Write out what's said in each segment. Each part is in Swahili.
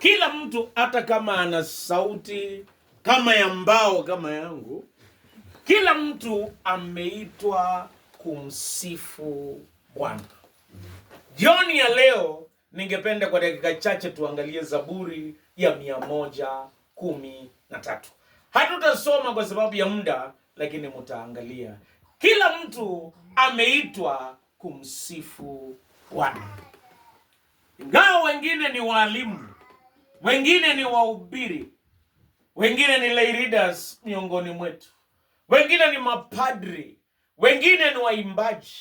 Kila mtu hata kama ana sauti kama ya mbao kama yangu, kila mtu ameitwa kumsifu Bwana. Jioni ya leo ningependa kwa dakika chache tuangalie Zaburi ya mia moja kumi na tatu. Hatutasoma kwa sababu ya muda, lakini mutaangalia. Kila mtu ameitwa kumsifu Bwana. Nao wengine ni walimu, wengine ni wahubiri, wengine ni lay leaders miongoni mwetu, wengine ni mapadri, wengine ni waimbaji,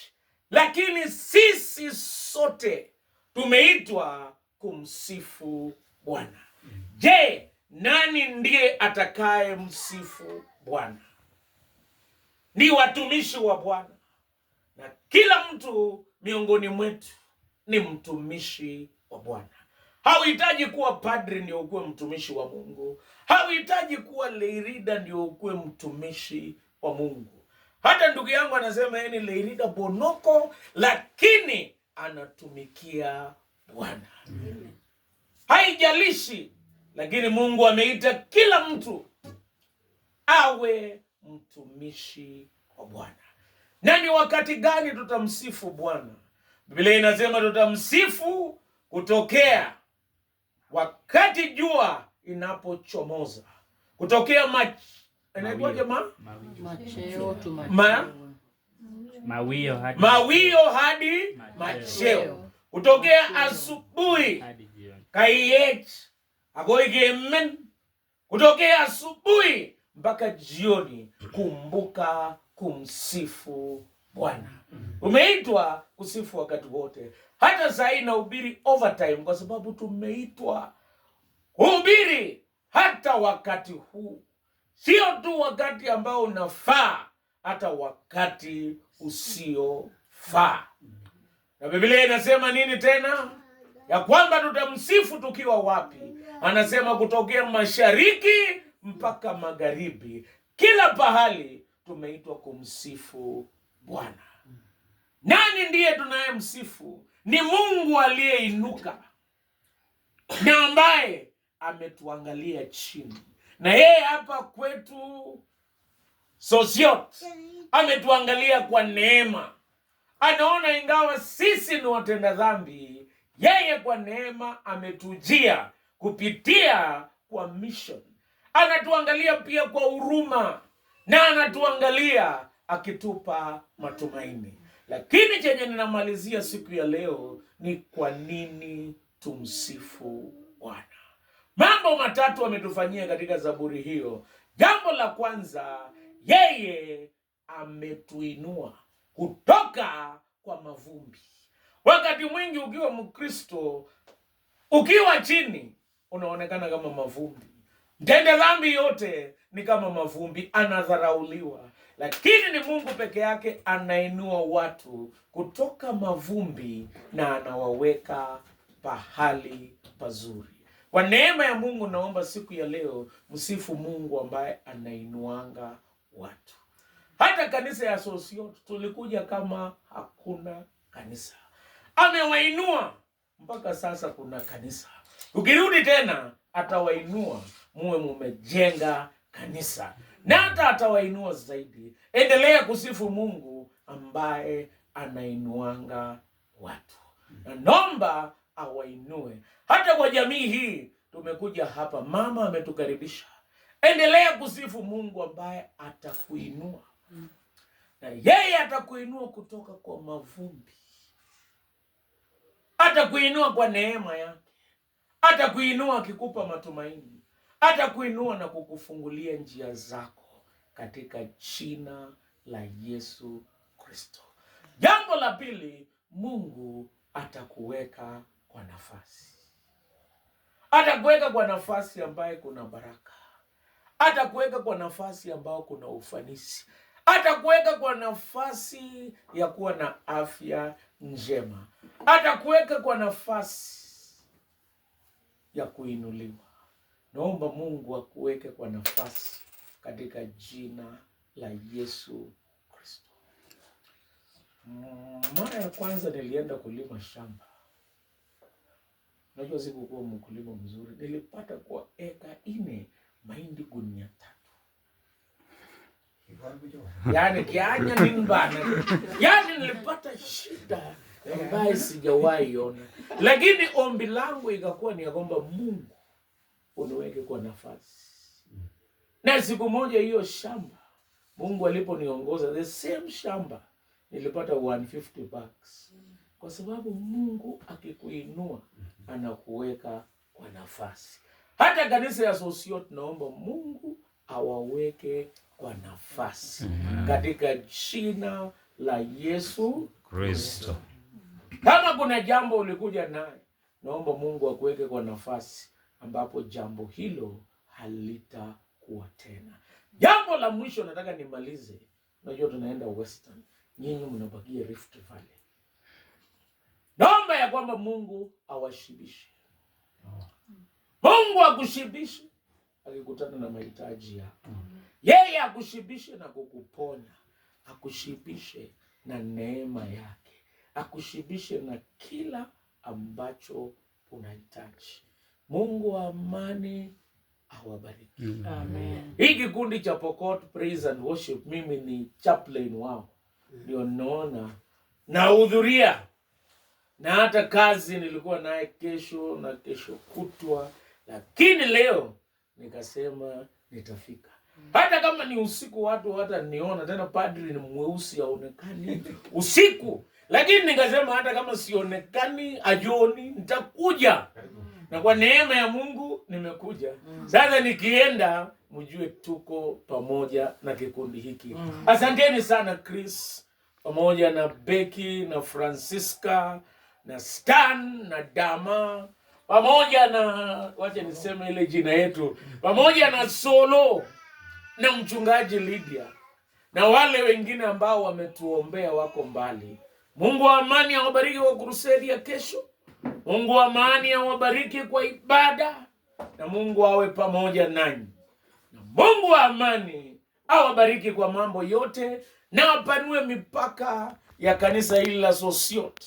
lakini sisi sote tumeitwa kumsifu Bwana. Je, nani ndiye atakaye msifu Bwana? Ni watumishi wa Bwana na kila mtu miongoni mwetu ni mtumishi wa Bwana. Hauhitaji kuwa padri ndio ukuwe mtumishi wa Mungu. Hauhitaji kuwa leirida ndio ukuwe mtumishi wa Mungu. Hata ndugu yangu anasema yeye ni leirida bonoko, lakini anatumikia Bwana. Haijalishi, lakini Mungu ameita kila mtu awe mtumishi wa Bwana. Na ni wakati gani tutamsifu Bwana? Biblia inasema tutamsifu kutokea wakati jua inapochomoza, kutokea mach... ma macheo mawio hadi mawio hadi macheo, kutokea asubuhi hadi jioni agoigemen, kutokea asubuhi mpaka jioni, kumbuka kumsifu Bwana. Mm-hmm. Umeitwa kusifu wakati wote. Hata sahii nahubiri overtime kwa sababu tumeitwa kuhubiri hata wakati huu, sio tu wakati ambao unafaa, hata wakati usiofaa. Mm-hmm. Na Biblia inasema nini tena? Ya kwamba tutamsifu tukiwa wapi? Anasema kutokea mashariki mpaka magharibi, kila pahali tumeitwa kumsifu Bwana. Nani ndiye tunayemsifu? Ni Mungu aliyeinuka na ambaye ametuangalia chini, na yeye hapa kwetu Sosiot ametuangalia kwa neema. Anaona ingawa sisi ni watenda dhambi, yeye kwa neema ametujia kupitia kwa mission. Anatuangalia pia kwa huruma na anatuangalia akitupa matumaini. Lakini chenye ninamalizia siku ya leo ni kwa nini tumsifu Bwana. Mambo matatu ametufanyia katika zaburi hiyo. Jambo la kwanza, yeye ametuinua kutoka kwa mavumbi. Wakati mwingi ukiwa Mkristo, ukiwa chini unaonekana kama mavumbi. Mtende dhambi yote ni kama mavumbi, anadharauliwa lakini ni Mungu peke yake anainua watu kutoka mavumbi na anawaweka pahali pazuri. Kwa neema ya Mungu, naomba siku ya leo msifu Mungu ambaye anainuanga watu. Hata kanisa ya Sosiot tulikuja kama hakuna kanisa, amewainua mpaka sasa kuna kanisa. Ukirudi tena atawainua muwe mumejenga kanisa na hata atawainua zaidi. Endelea kusifu Mungu ambaye anainuanga watu na nomba awainue hata kwa jamii hii. Tumekuja hapa, mama ametukaribisha. Endelea kusifu Mungu ambaye atakuinua na yeye atakuinua kutoka kwa mavumbi, atakuinua kwa neema yake, atakuinua akikupa matumaini hata kuinua na kukufungulia njia zako katika jina la Yesu Kristo. Jambo la pili, Mungu atakuweka kwa nafasi, atakuweka kwa nafasi ambaye kuna baraka, atakuweka kwa nafasi ambayo kuna ufanisi, atakuweka kwa nafasi ya kuwa na afya njema, atakuweka kwa nafasi ya kuinuliwa Naomba Mungu akuweke kwa nafasi katika jina la Yesu Kristo. Mara ya kwanza nilienda kulima shamba, najua sikukuwa mkulima mzuri, nilipata kwa eka ine mahindi gunia tatu. yaani kianya yaani ni mbana, yani nilipata shida ambaye sijawahi ona, lakini ombi langu ikakuwa ni ya kwamba Mungu uniweke kwa nafasi. Na siku moja hiyo shamba Mungu aliponiongoza, the same shamba nilipata 150 bucks, kwa sababu Mungu akikuinua anakuweka kwa nafasi. Hata kanisa ya sosio tunaomba Mungu awaweke kwa nafasi katika jina la Yesu Kristo. Kama kuna jambo ulikuja naye, naomba Mungu akuweke kwa nafasi ambapo jambo hilo halitakuwa tena. Jambo la mwisho nataka nimalize, unajua tunaenda Western, nyinyi mnabakia Rift Valley. Naomba ya kwamba Mungu awashibishe, Mungu akushibishe akikutana na mahitaji yako, yeye akushibishe na kukuponya, akushibishe na neema yake, akushibishe na kila ambacho unahitaji. Mungu wa amani awabariki. Amen. Hii kikundi cha Pokot Praise and Worship, mimi ni chaplain wao, ndio naona nahudhuria na hata kazi nilikuwa naye kesho na kesho kutwa, lakini leo nikasema nitafika mm. hata kama ni usiku, watu hata niona tena. Padri ni mweusi, haonekani usiku, lakini nikasema hata kama sionekani ajoni nitakuja na kwa neema ya Mungu nimekuja mm. sasa. Nikienda mjue tuko pamoja na kikundi hiki. Mm. Asanteni sana Chris pamoja na Becky na Francisca na Stan na Dama pamoja na wacha niseme ile jina yetu pamoja na Solo na mchungaji Lydia na wale wengine ambao wametuombea wako mbali. Mungu wa amani awabariki kwa kurusedi ya kesho. Mungu wa amani awabariki kwa ibada, na Mungu awe pamoja nanyi, na Mungu wa amani awabariki kwa mambo yote, na apanue mipaka ya kanisa hili la Sosiot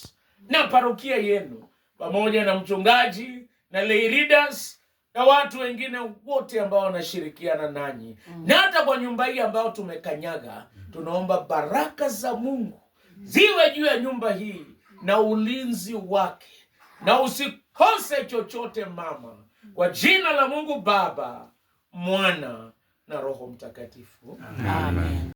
na parokia yenu, pamoja na mchungaji na lay leaders na watu wengine wote ambao wanashirikiana nanyi mm. na hata kwa nyumba hii ambayo tumekanyaga, tunaomba baraka za Mungu ziwe juu ya nyumba hii na ulinzi wake na usikose chochote mama, kwa jina la Mungu Baba, Mwana na Roho Mtakatifu, amen.